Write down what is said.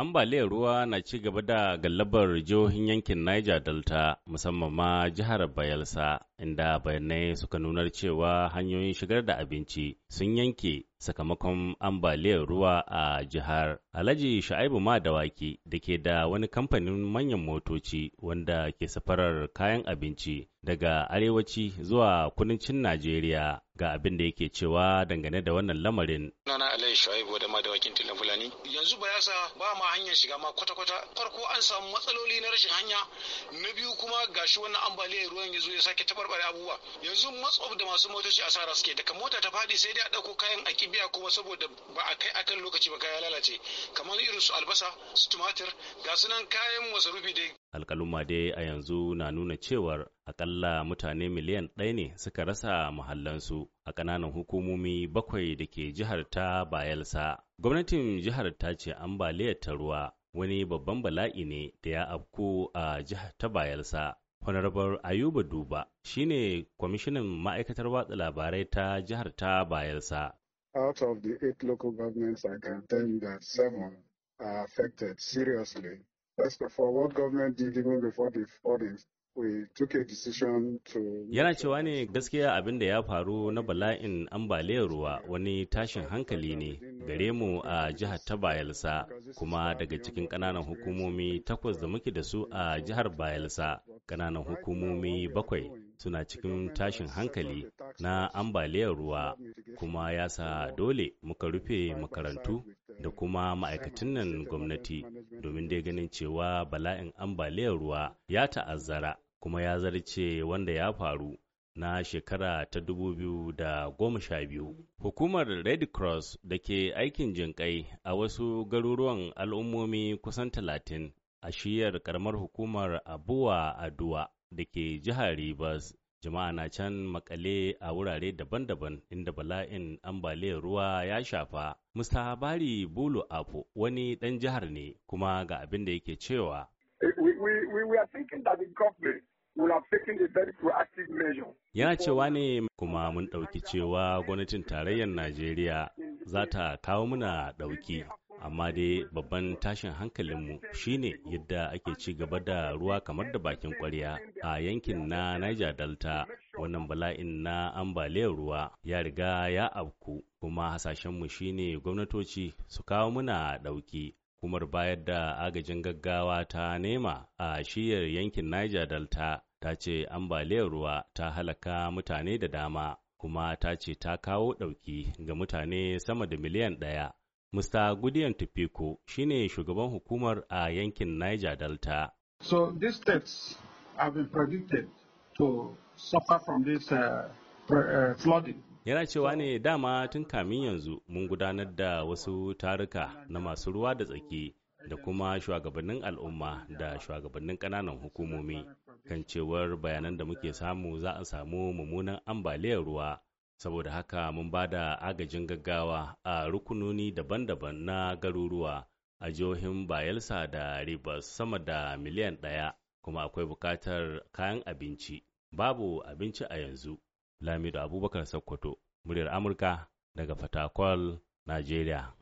ambaliyar ruwa na ci gaba da gallabar jihohin yankin Niger Delta musamman ma jihar Bayelsa inda bayanai suka nunar cewa hanyoyin shigar da abinci sun yanke sakamakon ambaliyar ruwa a jihar alhaji sha'ibu madawaki da ke da wani kamfanin manyan motoci wanda ke safarar kayan abinci daga arewaci zuwa kudancin najeriya ga abin da yake cewa dangane da wannan lamarin nana alhaji sha'ibu da madawakin tilan fulani yanzu ba sa ba ma hanyar shiga ma kwata-kwata farko an samu matsaloli na rashin hanya na biyu kuma gashi wannan ambaliyar ruwan ya zo ya sake tabar tabarbare abubuwa yanzu matsof da masu motoci asara suke daga mota ta fadi sai dai a ɗauko kayan a kibiya kuma saboda ba a kai akan lokaci ba kaya lalace kamar irin su albasa su tumatir ga sunan kayan masarufi dai alkaluma dai a yanzu na nuna cewar akalla mutane miliyan ɗaya ne suka rasa muhallansu a ƙananan hukumomi bakwai da ke jihar ta bayelsa gwamnatin jihar ta ce ambaliyar ta ruwa wani babban bala'i ne da ya afku a jihar ta bayelsa Honorable Ayuba Duba shine kwamishinan ma'aikatar watsa labarai ta jihar ta Bayelsa. Out of the eight local governments, I can tell you that seven are affected seriously. First of all, what government did even before the audit Yana cewa ne gaskiya abin da ya faru na bala'in ambaliyar ruwa wani tashin hankali ne gare mu a jihar ta Bayelsa kuma daga cikin ƙananan hukumomi takwas da muke da su a jihar Bayelsa ƙananan hukumomi bakwai suna cikin tashin hankali na ambaliyar ruwa kuma ya sa dole muka rufe makarantu da kuma ma'aikatan nan gwamnati domin dai ganin cewa bala'in ambaliyar ruwa ya ta'azzara kuma ya zarce wanda ya faru na shekara ta 2012. Hukumar Red Cross da ke aikin jinƙai a wasu garuruwan al'ummomi kusan talatin a shiyar karamar hukumar abuwa duwa da ke jihar Rivers. Jama'a na can makale a wurare daban-daban inda bala'in ambaliyar ruwa ya shafa. Musta Bari Bulu Apo wani ɗan jihar ne kuma ga abin da yake cewa. Yana cewa ne kuma mun ɗauki cewa gwamnatin tarayyar Najeriya za ta kawo muna ɗauki amma dai babban tashin hankalinmu shine yadda ake ci gaba da ruwa kamar da bakin kwarya a yankin na niger delta wannan bala'in na ambaliyar ruwa ya riga ya afku kuma hasashenmu shine gwamnatoci su kawo muna ɗauki kuma bayar da agajin gaggawa ta nema a shiyar yankin niger delta ta ce ambaliyar ruwa ta halaka mutane da dama kuma ta ce ta kawo ɗauki ga mutane sama da miliyan ɗaya Mr. Gudiyan shi ne shugaban hukumar a yankin Niger Delta. So these states have been predicted to suffer from this uh, uh, flooding. Yana cewa ne dama tun kamin yanzu mun gudanar da wasu taruka na masu ruwa da tsaki da kuma shugabannin al'umma da shugabannin kananan hukumomi kan cewar bayanan da muke samu za a samu mummunan ambaliyar ruwa saboda haka mun ba da agajin gaggawa a rukununi daban-daban na garuruwa a jihohin bayelsa da ribas sama da miliyan ɗaya kuma akwai buƙatar kayan abinci babu abinci a yanzu lamido abubakar sokoto muryar amurka daga fatakwal najeriya